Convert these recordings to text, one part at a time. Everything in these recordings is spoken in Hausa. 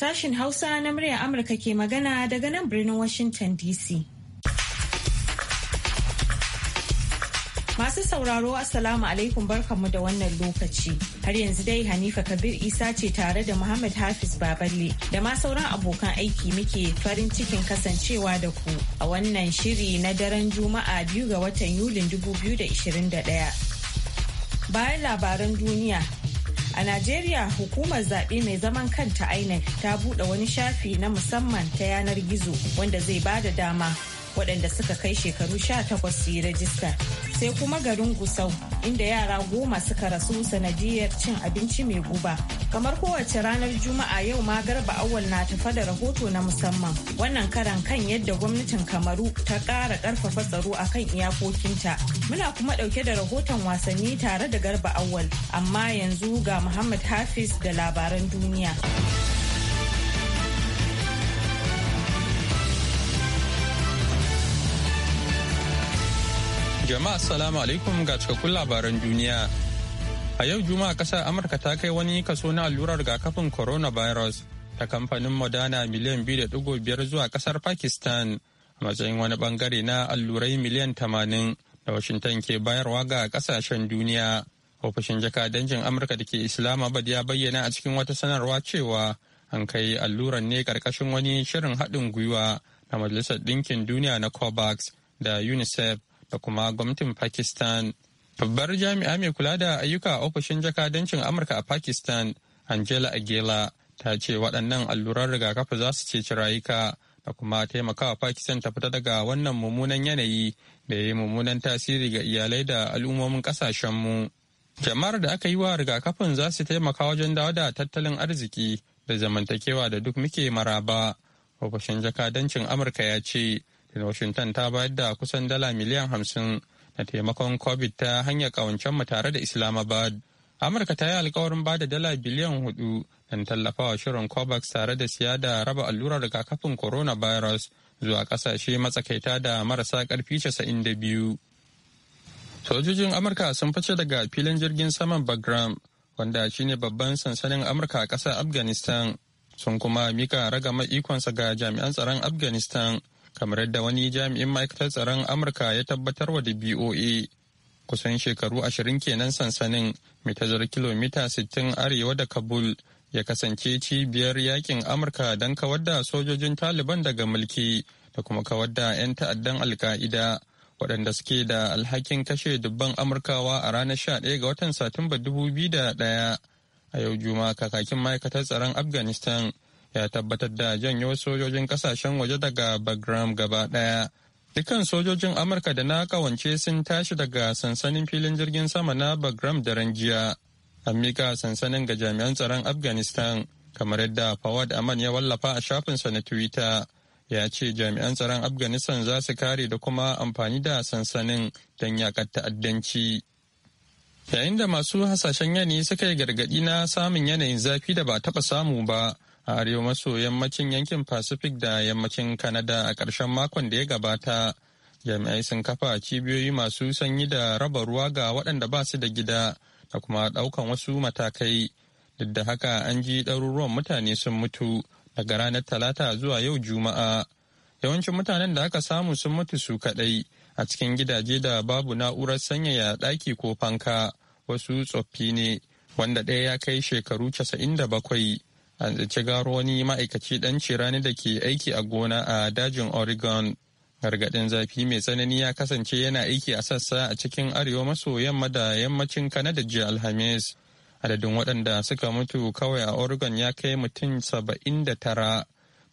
Sashin Hausa na muryar Amurka ke magana daga nan birnin Washington DC. Masu sauraro Assalamu alaikum barkanmu da wannan lokaci. Har yanzu dai Hanifa Kabir Isa ce tare da Muhammad Hafiz Baballe da ma sauran abokan aiki muke farin cikin kasancewa da ku a wannan shiri na daren Juma'a biyu ga watan Yulin 2021. Bayan labaran duniya A Najeriya hukumar zaɓe mai zaman kanta INEC ta buɗe wani shafi na musamman ta yanar gizo wanda zai ba da dama waɗanda suka kai shekaru 18 su yi rajista sai kuma garin gusau inda yara goma suka rasu sanadiyar cin abinci mai guba kamar kowace ranar juma'a yau ma garba awal na tafa da rahoto na musamman wannan karan kan yadda gwamnatin kamaru ta ƙara ƙarfafa tsaro a kan iyakokinta muna kuma ɗauke da rahoton wasanni tare da garba awal amma yanzu ga muhammad hafiz da labaran duniya. Jama'a Assalamu alaikum ga cikakkun labaran duniya. A yau Juma'a kasar Amurka ta kai wani kaso na allurar rigakafin coronavirus ta kamfanin modana miliyan biyar zuwa kasar Pakistan a matsayin wani bangare na allurai miliyan tamanin da Washington ke bayarwa ga kasashen duniya. Ofishin jakadancin Amurka da ke Islamabad ya bayyana a cikin wata sanarwa cewa an kai alluran ne karkashin wani shirin haɗin gwiwa na Majalisar Ɗinkin Duniya na COVAX da UNICEF da kuma gwamnatin Pakistan. Babbar jami'a mai kula da ayyuka a ofishin jakadancin Amurka a Pakistan, Angela Agela, ta ce waɗannan allurar rigakafi za su ceci rayuka da kuma taimakawa Pakistan ta fita daga wannan mummunan yanayi da ya yi mummunan tasiri ga iyalai da al'ummomin ƙasashenmu. Jama'ar da aka yi wa rigakafin za su taimaka wajen dawo da tattalin arziki da zamantakewa da duk muke maraba. Ofishin jakadancin Amurka ya ce washington ta bayar da kusan dala miliyan hamsin na taimakon covid ta hanyar mu tare da islamabad amurka ta yi alkawarin ba da dala biliyan hudu don tallafawa shirin covax tare da siya da raba allurar rigakafin coronavirus zuwa kasashe matsakaita da marasa karfi casa'in da biyu sojojin amurka sun fice daga filin jirgin saman bagram wanda shine babban sansanin amurka a kasar afghanistan sun kuma mika ragama ikonsa ga jami'an tsaron afghanistan kamar yadda wani jami'in ma'aikatar tsaron amurka ya tabbatar wa da boa kusan shekaru ashirin kenan sansanin mitazar kilomita 60 arewa da kabul ya kasance cibiyar yakin amurka don kawar da sojojin taliban daga mulki da kuma kawar da 'yan ta'addan alka'ida waɗanda suke da alhakin kashe dubban amurkawa a ranar 11 ga watan satumba 2001 a yau juma'a kakakin ma'aikatar tsaron afghanistan ya tabbatar da janyo sojojin kasashen waje daga bagram gaba daya dukkan sojojin amurka da na kawance sun tashi daga sansanin filin jirgin sama na bagram da ranjiya an mika sansanin ga jami'an tsaron afghanistan kamar yadda fawad aman ya wallafa a shafinsa na twitter ya ce jami'an tsaron afghanistan za su kare da kuma amfani da sansanin don yakar ta'addanci yayin da masu hasashen yanayi suka yi gargaɗi na samun yanayin zafi da ba taɓa samu ba a arewa maso yammacin yankin Pacific da yammacin Canada a ƙarshen makon da ya gabata. Jami'ai sun kafa cibiyoyi masu sanyi da raba ruwa ga waɗanda ba su da gida da kuma ɗaukan wasu matakai. Duk da haka an ji ɗaruruwan mutane sun mutu daga ranar Talata zuwa yau Juma'a. Yawancin mutanen da aka samu sun mutu su kaɗai a cikin gidaje da babu na'urar sanyaya ɗaki ko fanka wasu tsoffi ne wanda ɗaya ya kai shekaru casa'in da bakwai. an zaci garo wani ma'aikaci dan cirani da ke aiki a gona a dajin oregon gargaɗin zafi mai tsanani ya kasance yana aiki a sassa a cikin arewa maso yamma da yammacin kanada jiya alhamis adadin waɗanda suka mutu kawai a oregon ya kai mutum saba'in da tara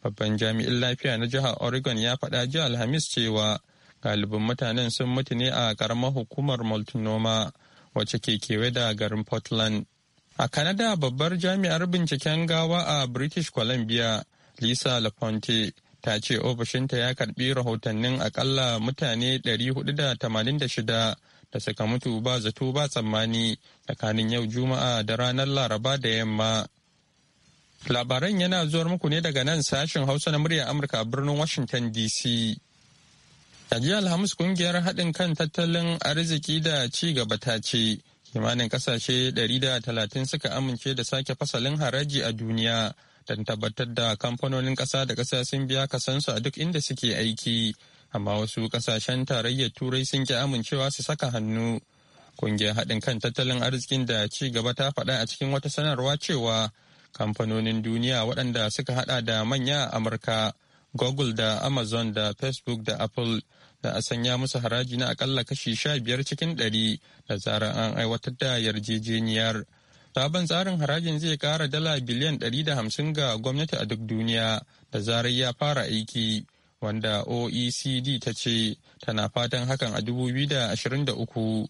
babban jami'in lafiya na jihar oregon ya faɗa jiya alhamis cewa galibin mutanen sun mutu ne a ƙaramar hukumar multinoma wacce ke kewaye da garin portland A kanada babbar jami'ar binciken gawa a British Columbia, Lisa Lafonte, ta ce ofishinta ya karbi rahotannin akalla mutane 486 da suka mutu ba zato ba tsammani tsakanin yau Juma'a da ranar Laraba da yamma. Labaran yana zuwar muku ne daga nan sashen Hausa na murya Amurka a birnin Washington DC. A Alhamis kungiyar haɗin kan tattalin arziki da ci gaba ta ce kimanin kasashe 130 suka amince da sake fasalin haraji a duniya don tabbatar da kamfanonin kasa da kasa sun biya kasansu a duk inda suke aiki amma wasu kasashen tarayyar turai sun ki amincewa su saka hannu kungiyar haɗin kan tattalin arzikin da ci gaba ta faɗa a cikin wata sanarwa cewa kamfanonin duniya waɗanda suka haɗa da manya a amurka google da amazon da facebook da apple da a sanya musu haraji na akalla kashi sha biyar cikin ɗari da zarar an aiwatar da yarjejeniyar. Sabon tsarin harajin zai ƙara dala biliyan ɗari da hamsin ga gwamnati a duk duniya da zarar ya fara aiki. Wanda OECD ta ce tana fatan hakan a dubu da uku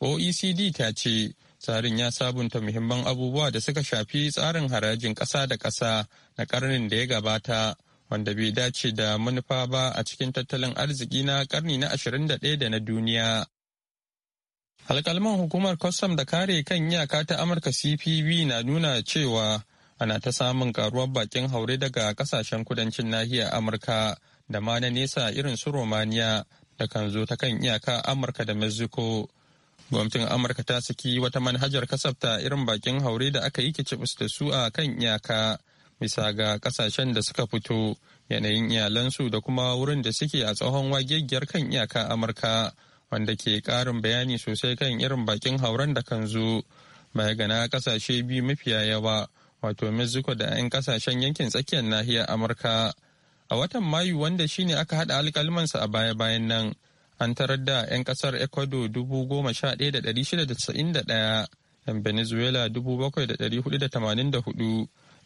OECD ta ce tsarin ya sabunta muhimman abubuwa da suka shafi tsarin harajin ƙasa da ƙasa na ƙarnin da ya gabata. wanda bai dace da manufa ba a cikin tattalin arziki na karni na 21 da na duniya. Alkalman hukumar kwastam da kare kan iyaka ta Amurka CPB na nuna cewa ana ta samun karuwar bakin haure daga kasashen kudancin nahiyar Amurka da ma na nesa irin su Romania da kan zo ta kan iyaka Amurka da Mexico. Gwamnatin Amurka ta saki wata manhajar kasafta irin bakin haure da aka yi kicibus da su a kan iyaka. bisa ga kasashen da suka fito yanayin iyalansu da kuma wurin da suke a tsohon wagegiyar kan iyaka amurka wanda ke karin bayani sosai kan irin bakin hauren da kan zo baya gana kasashe biyu mafiya yawa wato mexico da 'yan kasashen yankin tsakiyar nahiyar amurka a watan mayu wanda shine aka hada alkalmansa a baya-bayan nan an tarar da 'yan kasar ecuador dubu goma sha da da da shida daya 'yan venezuela dubu bakwai da da da hudu tamanin hudu.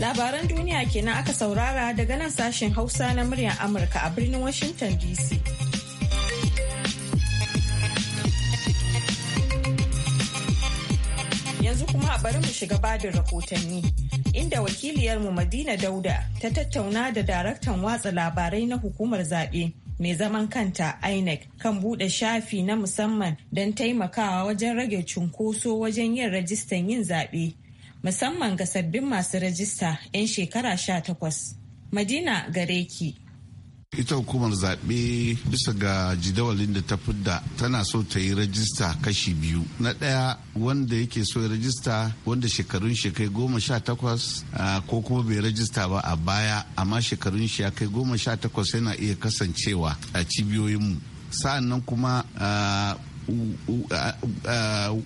Labaran duniya kenan aka saurara daga nan sashen Hausa na muryar Amurka a birnin Washington DC. Yanzu kuma a bari mu shiga badin rahotanni. Inda wakiliyarmu Madina Dauda ta tattauna da daraktan watsa labarai na hukumar zaɓe mai zaman kanta INEC kan buɗe shafi na musamman don taimakawa wajen rage cunkoso wajen yin rajistan yin zaɓe musamman ga sabbin masu rajista 'yan shekara sha takwas, Madina gare ki. ita hukumar zaɓe bisa ga jidawalin da ta fidda tana so ta yi rajista kashi biyu na ɗaya wanda yake so ya rajista wanda shekarun shi kai goma sha takwas ko kuma bai rajista ba a baya amma shekarun shi ya kai goma sha takwas yana iya kasancewa a cibiyoyinmu sa'an nan kuma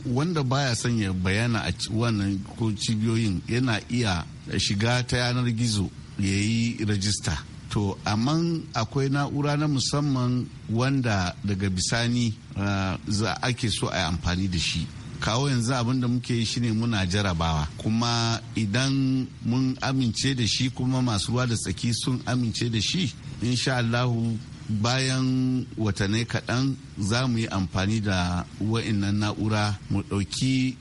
wanda baya sanya bayana a wannan ko cibiyoyin yana iya shiga ta yanar gizo ya yi rajista to amma akwai na'ura na musamman wanda daga bisani ah, za ake so a yi amfani da shi kawo yanzu abin da muke yi shine muna jarabawa kuma idan mun amince da shi kuma masu ruwa da tsaki sun amince da shi insha Allahu bayan watanni kaɗan za mu yi amfani da wa'innan na'ura mu ɗauki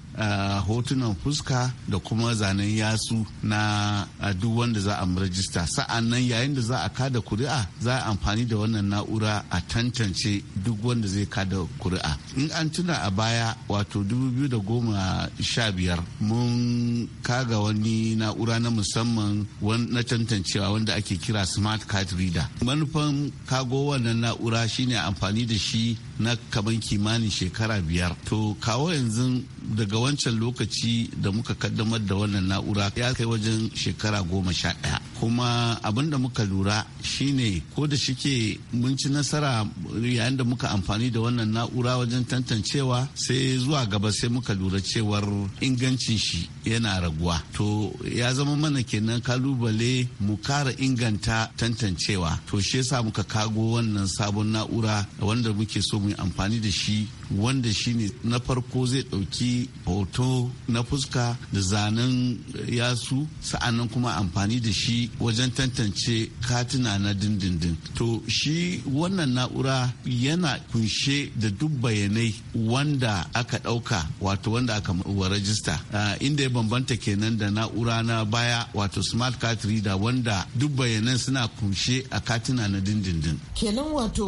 hotunan fuska da kuma zanen yasu na duk wanda za a rajista sa'an nan yayin da za a kada kuri'a za a amfani da wannan na'ura a tantance duk wanda zai kada kuri'a in an tuna a baya wato 2015 mun kaga wani na'ura na musamman na tantancewa wanda ake kira smart card reader manufan kago wannan na'ura shine amfani da shi na kaman kimanin shekara biyar to kawo yanzu daga wancan lokaci da muka kaddamar da wannan na'ura ya kai wajen shekara goma sha ɗaya kuma abin da muka lura shine ko da shike mun ci nasara yayin da muka amfani da wannan na'ura wajen tantancewa sai zuwa gaba sai muka lura cewar ingancin shi yana raguwa to ya zama mana kenan kalubale mu kara inganta tantancewa to shi yasa muka kago wannan sabon na'ura wanda muke so mu yi amfani da shi wanda shi ne na farko zai ɗauki hoto na fuska da zanen yasu sa'annan kuma amfani da shi wajen tantance katina na dindindin to shi wannan na'ura yana kunshe da duk bayanai wanda aka ɗauka wato wanda aka rajista ah, inda bambanta kenan da na'ura na baya wato smart card reader wanda duk bayanan suna kunshe a katina na dindindin kenan wato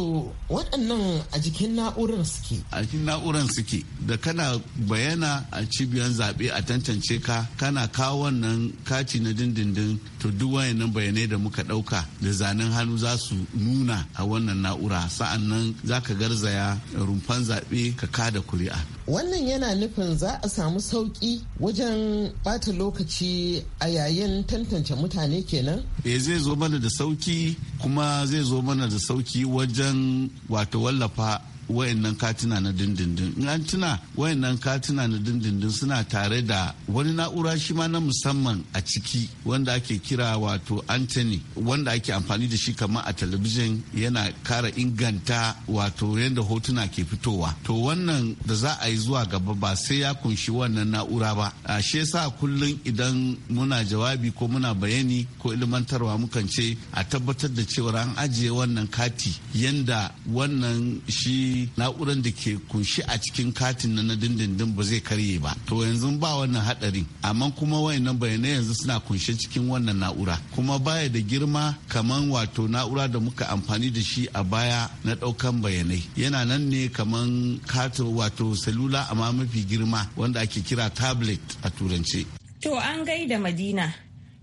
waɗannan a jikin na'urar suke a jikin na'urar suke da kana bayana a cibiyar zaɓe a tantance ka kana kawo wannan kati na dindindin to duk wayannan bayanai da muka ɗauka da zanen hannu za su nuna a wannan na'ura sa'annan za ka garzaya rumfan zaɓe ka kada kuri'a wannan yana nufin za a samu sauƙi wajen ɓata lokaci a yayin tantance mutane kenan? e zai zo mana da sauƙi kuma zai zo mana da sauki wajen wata wallafa wayannan katina na dindindin in an tuna wayannan katina na dindindin suna tare da wani na'ura shi ma na musamman a ciki wanda ake kira wato anthony wanda ake amfani da shi kamar a talabijin yana kara inganta wato yadda hotuna ke fitowa to wannan da za a yi zuwa gaba ba sai ya kunshi wannan na'ura ba a shi yasa kullum idan muna jawabi ko muna bayani ko ilmantarwa mukan ce a tabbatar da cewa an ajiye wannan kati yanda wannan shi na'urar da ke kunshi a cikin katin na dindindin ba zai karye ba to yanzu ba wannan hadarin amma kuma wayannan bayanai yanzu suna kunshi cikin wannan na'ura kuma baya da girma kaman wato na'ura da muka amfani da shi a baya na daukan bayanai yana nan ne kaman kato wato salula amma mafi girma wanda ake kira tablet a turance to an gaida madina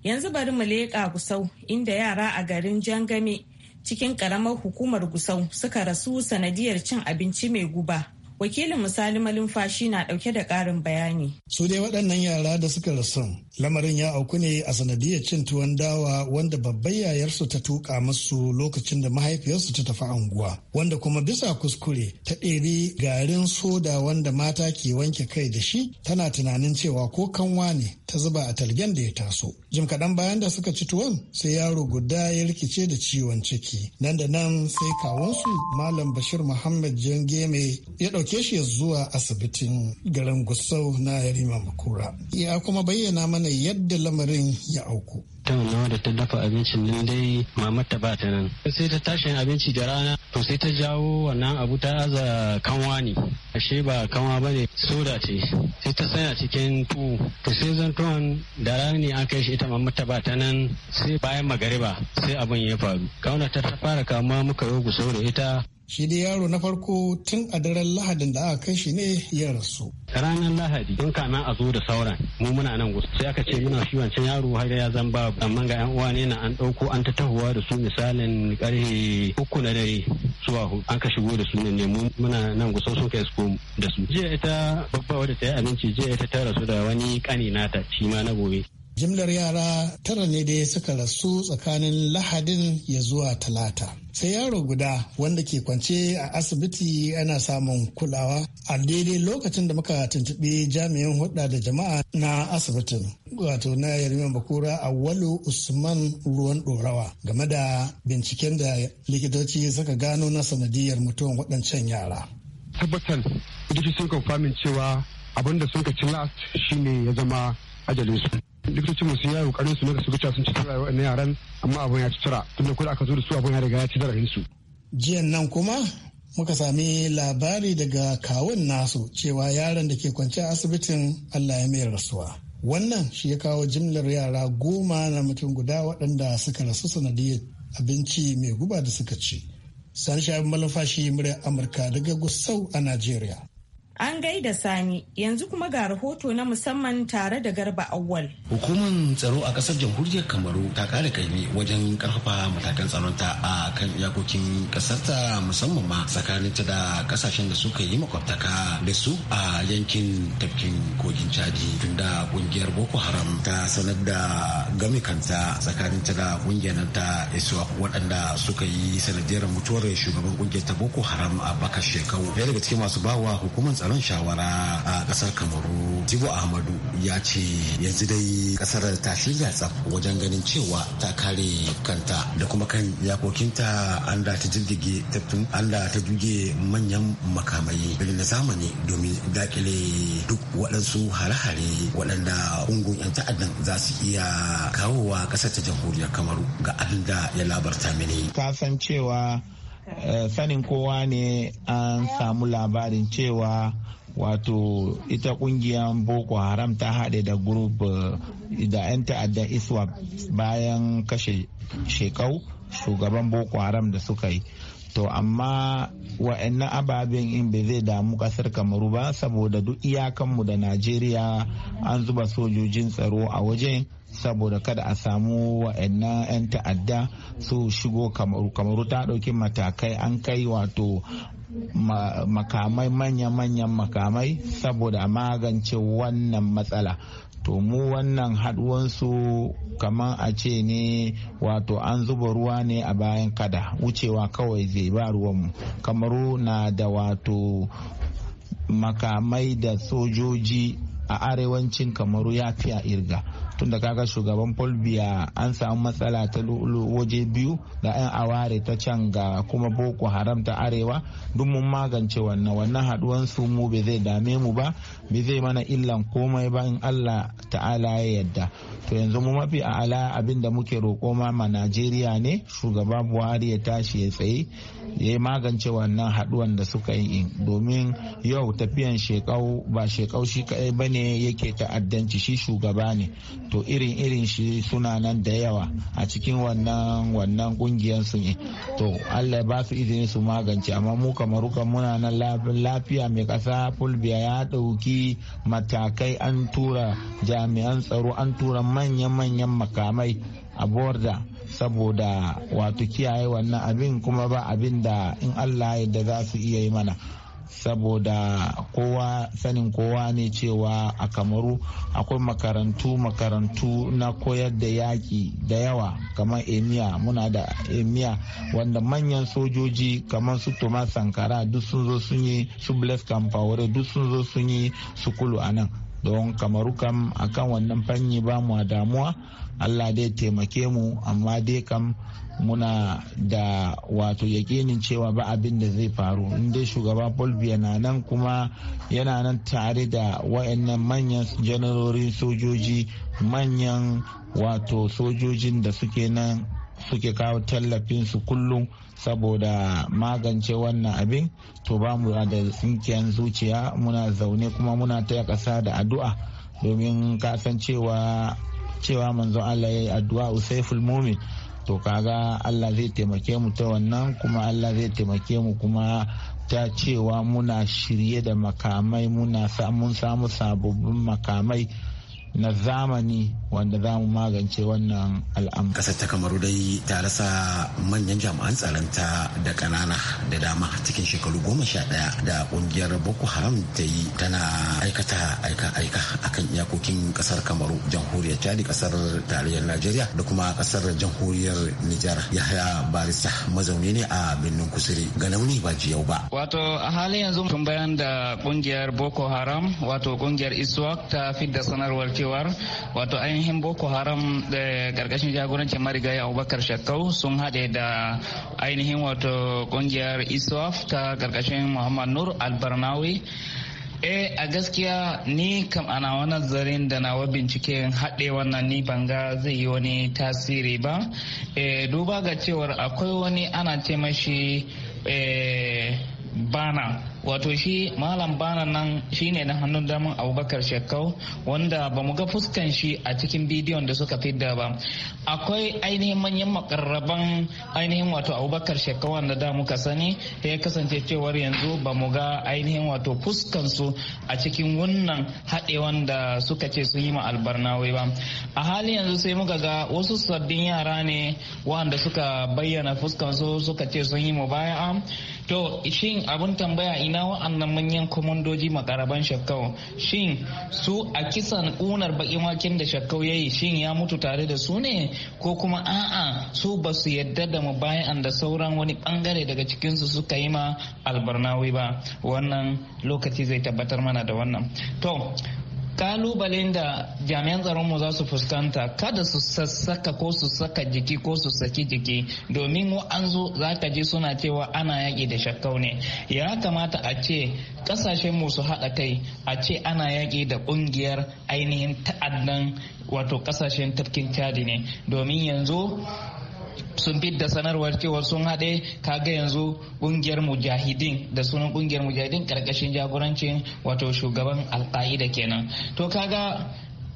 yanzu bari mu leƙa kusau inda yara a garin jangame cikin karamar hukumar Gusau suka rasu sanadiyar cin abinci mai guba. Wakilin misali malumfashi na dauke da karin bayani. Su dai waɗannan yara da suka rasu Lamarin ya auku ne a sanadiyar cin tuwon dawa wanda babbar yayarsu ta tuka masu lokacin da mahaifiyarsu ta tafi anguwa, wanda kuma bisa kuskure ta ɗebi garin soda wanda mata ke wanke kai da shi tana tunanin cewa ko kanwa ne ta zuba a talgen da ya taso. Jim kaɗan bayan da suka ci tuwon sai yaro guda ya rikice da ciwon ciki. Nan da nan sai kawunsu Malam Bashir Muhammad mai ya ɗauke shi zuwa asibitin garin Gusau na Yarima Makura. Ya kuma bayyana mana gane yadda lamarin ya auku. ta mama da ta dafa abincin nan dai mamata ba ta nan sai ta tashi abinci da rana to sai ta jawo wannan abu ta aza kanwa ne ashe ba kanwa ba ne soda ce sai ta sanya cikin tuwo to sai zantuwan da rana ne an kai shi ita mamata ba ta nan sai bayan magariba sai abin ya faru kauna ta ta fara kama muka yi gusau da ita shi dai yaro na farko tun a daren lahadin da aka kai shi ne ya rasu ranar lahadi in kana a zo da sauran mu muna nan gusu sai aka ce muna shi wancan yaro har ya zan babu amma ga yan uwa ne na an dauko an ta tahowa da su misalin karfe uku na dare zuwa hudu an ka shigo da su ne mu muna nan gusu sun kai su da su jiya ita babba wadda ta yi abinci jiya ita ta rasu da wani kani nata shi ma na gobe jimlar yara tara ne da suka rasu tsakanin lahadin ya zuwa talata sai yaro guda wanda ke kwance a asibiti ana samun kulawa a daidai lokacin da muka tuntuɓi jami'in hudda da jama'a na asibitin wato na yarima bakura a walu usman ruwan ɗorawa game da binciken da likitoci suka gano na sanadiyar mutuwan waɗancan yara tabbatan likitocin famin cewa abinda suka ci last shine ya zama ajalinsu likitocin mu su yi kokarin su ne su ga sun cutar na yaran amma abin ya cutura tunda ko aka zo da su abin ya riga ya ci rayuwar su jiyan nan kuma muka sami labari daga kawun nasu cewa yaran da ke kwance a asibitin Allah ya mai rasuwa wannan shi ya kawo jimlar yara goma na mutum guda waɗanda suka rasu sanadiyar abinci mai guba da suka ci. Sani Shabi Malafashi muryar Amurka daga Gusau a Najeriya. An gaida Sani yanzu kuma ga rahoto na musamman tare da Garba Awwal. Hukumar tsaro a ƙasar jamhuriyar Kamaru ta ƙara kaimi wajen ƙarfafa matakan tsaronta a kan iyakokin ƙasarta musamman ma tsakanin ta da ƙasashen da suka yi makwabtaka da su a yankin tafkin kogin Chadi tunda ƙungiyar Boko Haram ta sanar da game kanta tsakanin ta da ƙungiyar ta iswa waɗanda suka yi sanadiyar mutuwar shugaban ƙungiyar ta Boko Haram a Bakar Shekau. Ɗaya daga cikin masu bawa hukumar tsaron shawara a kasar kamaru jibo ahmadu ya ce yanzu dai kasar ta shirya tsaf wajen ganin cewa ta kare kanta da kuma kan yakokinta an da ta jirgige tattun an da ta juge manyan makamai na zamani domin dakile duk waɗansu hare-hare waɗanda ungun 'yan ta'addan za su iya kawowa ƙasar ta jamhuriyar kamaru ga abin da ya labarta mini. Ka san cewa Eh, sanin kowa ne an samu labarin cewa wato ita kungiyar boko haram ta haɗe da group eh, da 'yan ta'adda iswa bayan kashe shekau shugaban boko haram da suka yi to amma wa'annan ababen in bai zai damu kasar kamaru ba saboda duk iyakanmu da najeriya an zuba sojojin tsaro a wajen saboda kada a samu wa'annan 'yan ta'adda su shigo kamaru ta ɗauki matakai an kai wato makamai manya-manyan makamai saboda a magance wannan matsala to mu wannan haɗuwansu kamar a ce ne wato an zuba ruwa ne a bayan kada wucewa kawai zai ba ruwanmu kamaru na da wato makamai da sojoji a arewancin kamaru ya fiya irga da kaga shugaban biya an samu matsala ta waje biyu da 'yan aware ta can ga kuma Boko Haram ta arewa duk mun magance wannan wannan haduwan su mu bai zai dame mu ba bai zai mana illan komai ba in Allah ta'ala ya yadda to yanzu mu mafi a ala abin da muke roƙo ma ma Najeriya ne shugaba Buhari ya tashi ya tsaye ya magance wannan haduwan da suka yi domin yau tafiyan shekau ba shekau shi kaɗai bane yake ta'addanci shi shugaba ne to irin irin shi suna nan da yawa a cikin wannan wannan kungiyar su ne to Allah ba su izini su magance amma mu kamaruka muna nan lafiya mai kasa fulbiya ya dauki matakai an tura jami'an tsaro an tura manya-manyan makamai a borda saboda wato kiyaye wannan abin kuma ba abin da in Allah yadda da za su iya yi mana saboda kowa sanin kowa ne cewa a kamaru akwai makarantu makarantu na koyar da yaƙi da yawa kamar emiya muna da emiya wanda manyan sojoji kamar su thomas sankara duk sun zo sun yi su blaise campaore duk sun zo sun yi sukulu a nan don kamaru kam akan wannan fanni ba mu damuwa allah dai taimake mu amma dai kam muna da wato yakinin cewa ba abin da zai faru dai shugaba bolivia na nan kuma yana nan tare da wayannan manyan janarorin sojoji manyan wato sojojin da suke nan suke kawo tallafin su kullum saboda magance wannan abin to ba mu da tsinkiyar zuciya muna zaune kuma muna taya ƙasa da addu'a domin kasan cewa manzo Allah ya yi addu'a usaiful mumin to kaga Allah zai taimake mu ta wannan kuma Allah zai taimake mu kuma ta cewa muna shirye da makamai muna samun samu sababbin makamai na zamani wanda za mu magance wannan al'amari. Kasar ta kamaru dai ta rasa manyan jami'an tsaranta da ƙanana da dama cikin shekaru goma sha ɗaya da ƙungiyar Boko Haram ta yi tana aikata aika-aika a kan iyakokin ƙasar Kamaru, jamhuriyar Chadi, ƙasar tarayyar Najeriya da kuma ƙasar jamhuriyar Nijar. Yahaya Barista mazauni ne a birnin Kusuri ga launi ba jiyau ba. Wato a halin yanzu tun bayan da ƙungiyar Boko Haram wato ƙungiyar Iswak ta fidda sanarwar cewar wato ainihin boko haram da eh, karkashin jagorancin marigayi abubakar shakkau sun haɗe da ainihin wato kungiyar iswaf ta karkashin muhammad nur albarnawi eh a gaskiya ni kam ana wani zarin da nawa binciken haɗe wannan ni banga zai yi wani tasiri ba eh duba ga cewar akwai wani ana ce mashi eh bana wato shi malam bana nan shine na hannun daman abubakar shekau wanda ba mu ga fuskan shi a cikin bidiyon da suka fidda ba akwai ainihin manyan makarraban ainihin wato abubakar shekau wanda da muka sani da ya kasance cewar yanzu ba mu ga ainihin wato fuskan su a cikin wannan haɗe wanda suka ce sun yi ma albarnawai ba a halin yanzu sai muka ga wasu sabbin yara ne wanda suka bayyana fuskan su suka ce sun yi mu baya to shin abun tambaya ina wa'annan manyan komandoji makaraban shakkau shin su a kisan ƙunar baƙin waken da shakkau ya yi shin ya mutu tare da su ne ko kuma a'a su ba su yadda da mubayan da sauran wani bangare daga cikinsu suka yi ma albarnawi ba wannan lokaci zai tabbatar mana da wannan to kalubalen da jami'an tsaron mu za su fuskanta kada su sassaka ko su saka jiki ko su saki jiki domin mu an zo za ka ji suna cewa ana yaƙi da shakkau ne ya kamata a ce kasashen mu su haɗa kai a ce ana yaƙi da ƙungiyar ainihin ta'addan wato kasashen tafkin cadi ne domin yanzu sun da sanarwar cewa sun haɗe kaga yanzu ƙungiyar mujahidin da sunan ƙungiyar mujahidin ƙarƙashin jagorancin wato shugaban alƙa'ida kenan to kaga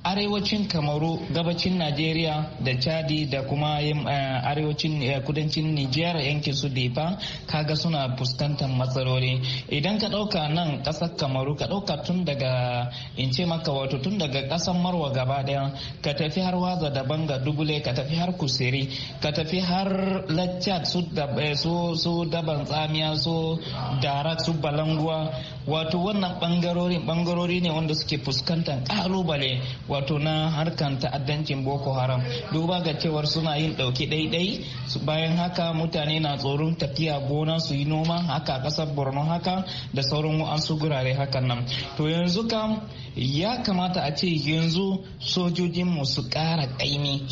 arewacin kamaru gabacin najeriya da chadi da kuma eh, arewacin eh, kudancin nijiyar yankin su defa kaga suna fuskantar matsaloli idan ka ɗauka nan kasar kamaru ka ɗauka tun daga in ce maka wato tun daga ƙasar marwa gaba daya ka tafi har waza daban ga dubule ka tafi har kusiri ka tafi har laccat eh, su daban tsamiya su darak su balanguwa wato wannan bangarori bangarori ne wanda suke fuskantar kalubale. wato na harkan ta'addancin boko haram duba ga cewar suna yin ɗauki ɗaiɗai bayan haka mutane na tsoron tafiya gona su yi noma haka ƙasar borno haka da sauran wa'ansu gurare hakan nan to yanzu kam ya kamata a ce yanzu mu su ƙara ƙaimi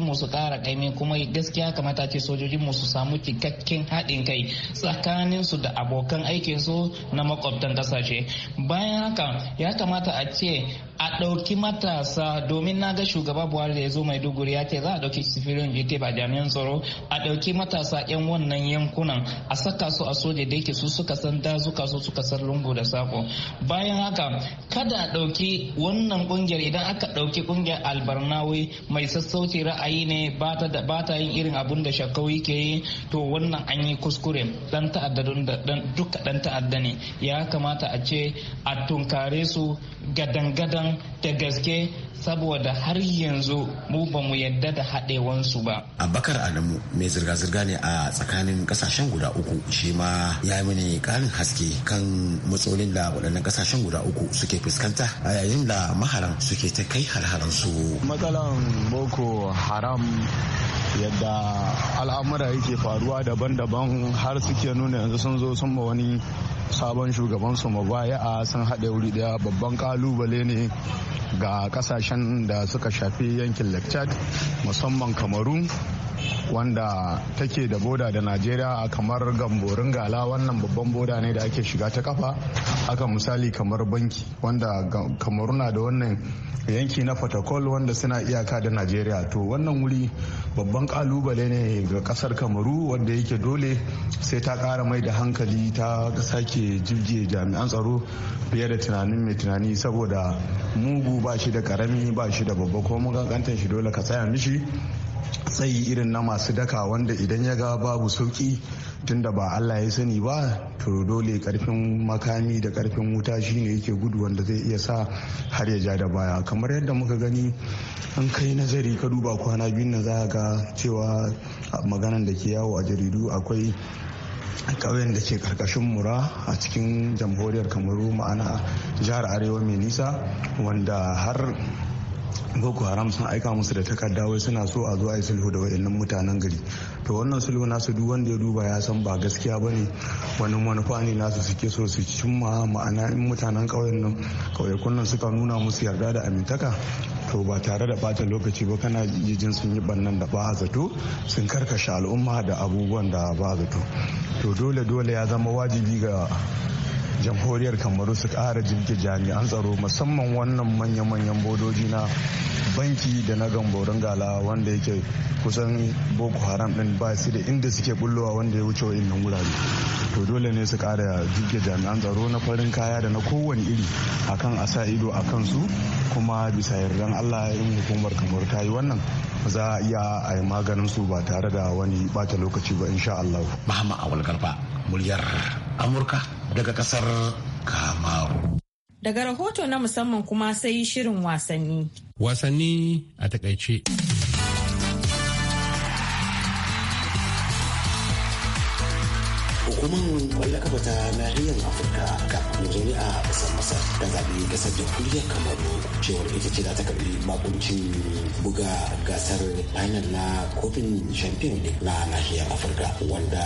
mu su ƙara ƙaimi kuma gaskiya kamata ce sojojin mu su samu cikakken haɗin kai tsakanin su da abokan aikin su na makwabtan ƙasashe bayan haka ya kamata a ce a ɗauki mata matasa domin na ga shugaba buhari da ya zo maiduguri ya ce za a ɗauki sifirin jite ba jami'an tsaro a ɗauki matasa 'yan wannan yankunan a saka su a soja da yake su suka san dazuka su suka san lungu da sako bayan haka kada a ɗauki wannan ƙungiyar idan aka ɗauki ƙungiyar albarnawi mai sassauci ra'ayi ne ba ta yin irin abun da shakkawi ke yi to wannan an yi kuskure dan ta'adda duka dan ta'adda ne ya kamata a ce a tunkare su gadan-gadan da gaske saboda har yanzu mu ba mu yadda da haɗewansu ba. Abakar Adamu mai zirga-zirga ne a tsakanin kasashen guda uku shi ma ya yi mini ƙarin haske kan matsalolin da waɗannan kasashen guda uku suke fuskanta a yayin da maharan suke ta kai har su. Matsalan Boko Haram yadda al'amura yake faruwa daban-daban har suke nuna yanzu sun zo sun ma wani sabon shugaban su shugabansu a sun haɗe wuri ɗaya babban kalubale ne ga kasashen da suka shafi yankin lake musamman kamaru wanda take da boda da najeriya a kamar gamborin gala wannan babban boda ne da ake shiga ta kafa haka misali kamar banki wanda kamaruna da wannan yanki na fatakol wanda suna iyaka da najeriya to wannan wuri babban kalubale ne ga kasar kamaru wanda yake dole sai ta kara mai da hankali ta sake jirge jami'an tsaro fiye da tunanin mai tunani saboda mugu ba shi da karami ba shi da babba ko mun shi dole ka tsaya mishi tsayi irin na masu daka wanda idan ya ga babu sauki tunda ba Allah ya sani ba to dole karfin makami da karfin wuta shine yake gudu wanda zai iya sa har ya ja da baya kamar yadda muka gani an kai nazari ka duba kwana biyun na za ga cewa maganan da ke yawo a jaridu akwai ƙauyen da ke karkashin mura a cikin jamhuriyar kamaru ma'ana jihar arewa mai nisa wanda har boko haram sun aika musu da takarda wai suna so a zo a yi sulhu da waɗannan mutanen gari to wannan sulhu nasu duk wanda ya duba ya san ba gaskiya ba ne wani manufa ne nasu suke so su cimma ma'ana in mutanen ƙauyen nan ƙauyakun nan suka nuna musu yarda da amintaka to ba tare da bata lokaci ba kana jijin sun yi bannan da ba zato sun karkashe al'umma da abubuwan da ba zato to dole dole ya zama wajibi ga jamhuriyar kamaru su kara jirgi jami'an tsaro musamman wannan manya-manyan bodoji na banki da na gamborin gala wanda yake kusan boko haram din ba su da inda suke bullowa wanda ya wuce wa wurare to dole ne su kara jirgi jami'an tsaro na farin kaya da na kowane iri akan a sa ido a kansu kuma bisa yardan allah in hukumar kamaru ta yi wannan za a iya a yi maganin su ba tare da wani bata lokaci ba insha allah. Awal Garba, muryar amurka daga kasar kamaru daga rahoto na musamman kuma sai shirin wasanni wasanni a takaice hukumar kwallon kafa ta nahiyar afirka kafin zo a kasar masar ta zaɓi gasar jamhuriyar kamaru cewar ita ce za ta karɓi makuncin buga gasar final na kofin champion league na nahiyar afirka wanda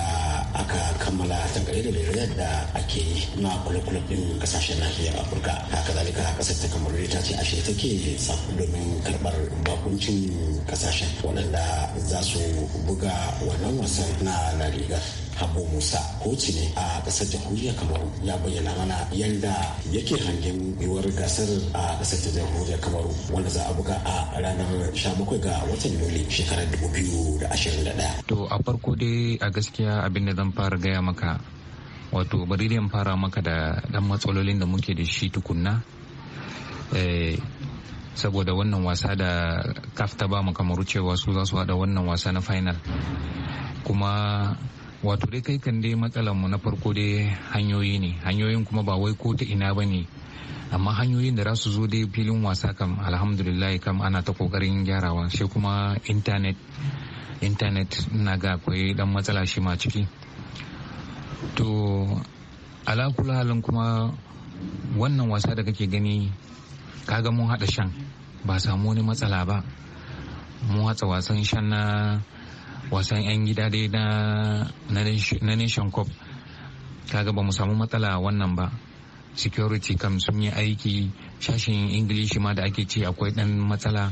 aka kammala tangare da liriyar da ake yi na kula-kula ɗin kasashen nahiyar afirka haka zalika kasar ta kamaru ita ce ashe take tsaf domin karɓar makuncin kasashen waɗanda za su buga wannan wasan na la habo Musa kotu ne a ƙasar jamhuriyar Kamaru ya bayyana mana yadda yake hangen yiwuwar gasar a ƙasar jamhuriyar Kamaru wanda za a buga a ranar 17 ga watan Yuli shekarar 2021. To a farko dai a gaskiya abin da zan fara gaya maka wato bari da fara maka da dan matsalolin da muke da shi tukunna eh, saboda wannan wasa da kafta ba mu kamaru cewa su za su hada wannan wasa na final kuma wato dai kai kan dai matsalar mu na farko dai hanyoyi ne hanyoyin kuma ba wai ko ta ina ba ne amma hanyoyin da za su zo dai filin wasa kam alhamdulillah kam ana ta kokarin gyarawa shi kuma intanet intanet na ga akwai dan matsala shi ma ciki to alakula halin kuma wannan wasa da kake gani kaga mun haɗa shan ba samu wani matsala ba mun hatsa wasan shan na wasan 'yan gida dai na nation cup kaga ba mu samu matsala wannan ba security kam sun yi aiki shashin ingilishi ma da ake ce akwai dan matsala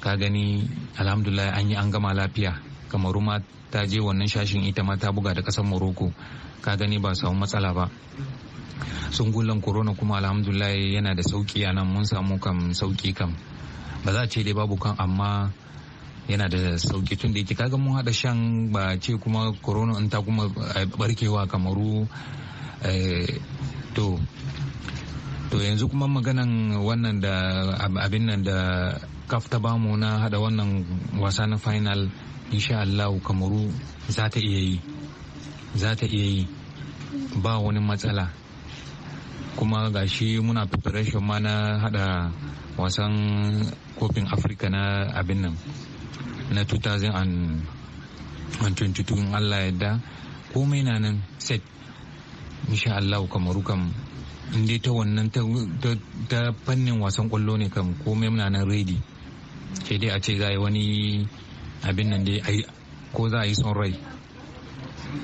ka gani alhamdulillah an yi an gama lafiya kamaru ma ta je wannan shashin ita ma ta buga da kasar morocco ka gani ba samu matsala ba sungulan corona kuma alhamdulillah yana da sauki a nan mun samu kam sauki kam ba za a ce dai babu kan amma yana da sauki tun da ita kaga mun hada shan ba ce kuma corona in ta kuma eh, barkewa kamaru eh, to to yanzu kuma maganan wannan da abin nan da kaf ta bamu na hada wannan wasa na final insha Allah kamaru za ta iya yi za ta iya yi ba wani matsala kuma gashi muna preparation ma na hada wasan kofin afirka na abin nan na 2022 in Allah yadda komai na nan set insha Allah kamaru kam inda ta wannan ta fannin wasan kwallo ne kam komai na nan ready ke dai a ce za a yi wani abin nan dai ko za a yi son rai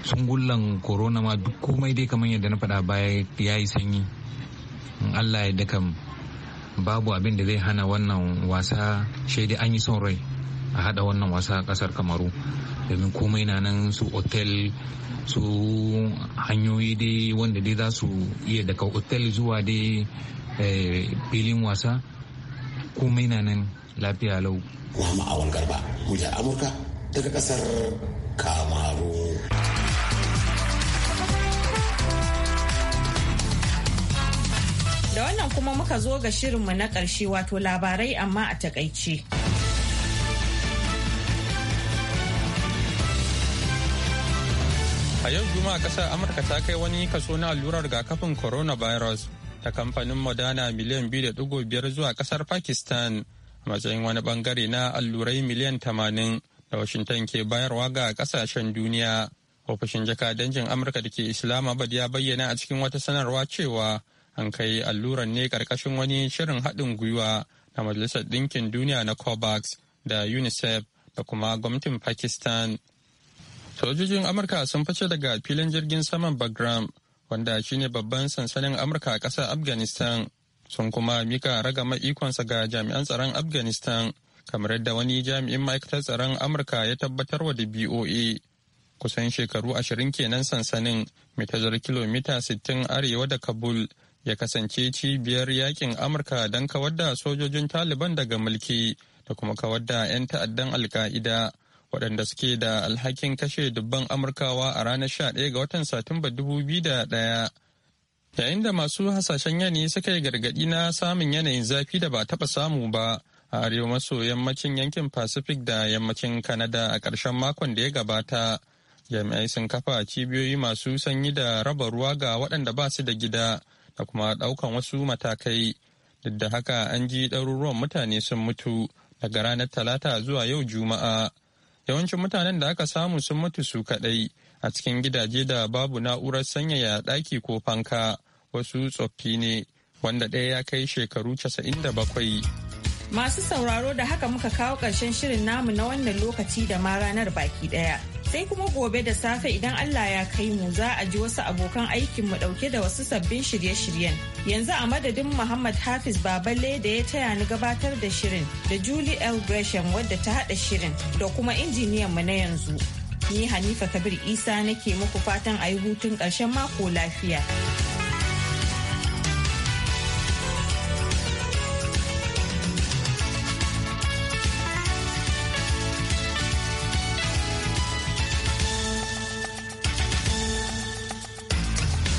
sun gullan corona ma duk komai dai kamar yadda na faɗa baya ya yi sanyi in allah ya kam babu abin da zai hana wannan wasa shaidai an yi son rai a hada wannan wasa a kasar kamaru domin komai na nan su otel su hanyoyi dai wanda dai za su iya daga otel zuwa dai eh, filin wasa komai na nan lafiya lau muhammad awal garba murya amurka daga kasar kamaru da wannan kuma muka zo ga shirinmu na ƙarshe wato labarai amma a takaice. A yau Juma'a kasar Amurka ta kai wani kaso na allurar rigakafin coronavirus ta kamfanin Moderna miliyan 2.5 zuwa kasar Pakistan a matsayin wani bangare na allurai miliyan 80 da Washington ke bayarwa ga kasashen duniya. Ofishin jakadancin Amurka da ke Islamabad ya bayyana a cikin wata sanarwa cewa an kai alluran ne karkashin wani shirin haɗin gwiwa na Majalisar Ɗinkin Duniya na COVAX da UNICEF da kuma gwamnatin Pakistan. Sojojin Amurka sun fice daga filin jirgin saman Bagram wanda shine babban sansanin Amurka a ƙasar Afghanistan sun kuma mika ragama ikonsa ga jami'an tsaron Afghanistan kamar yadda wani jami'in ma'aikatar tsaron Amurka ya tabbatar wa da e. Kusan shekaru ashirin kenan sansanin mai tazar kilomita sittin arewa da Kabul ya kasance cibiyar yakin Amurka don kawar da sojojin Taliban daga mulki da kuma kawar da 'yan ta'addan Alka'ida. waɗanda suke da alhakin kashe dubban amurkawa a ranar 11 ga watan satumba 2001 yayin da masu hasashen yanayi suka yi gargaɗi na samun yanayin zafi da ba taɓa samu ba a arewa maso yammacin yankin pacific da yammacin canada a ƙarshen makon da ya gabata jami'ai sun kafa cibiyoyi masu sanyi da raba ruwa ga waɗanda ba su da gida da kuma ɗaukan wasu matakai duk da haka an ji ɗaruruwan mutane sun mutu daga ranar talata zuwa yau juma'a yawancin mutanen da aka samu sun mutu su kadai a cikin gidaje da babu na'urar sanyaya daki ko fanka wasu tsoffi ne wanda ɗaya ya kai shekaru 97. Masu sauraro da haka muka kawo ƙarshen shirin namu na wannan lokaci da ma ranar baki ɗaya. sai kuma gobe da safe idan Allah ya kai mu za a ji wasu abokan aikin mu dauke da wasu sabbin shirye-shiryen. Yanzu a madadin Muhammad Hafiz Baballe da ya taya ni gabatar da shirin da Julie L. Gresham wadda ta hada shirin da kuma injiniyan mu na yanzu. Ni Hanifa Kabir Isa nake muku fatan a yi hutun ƙarshen mako lafiya.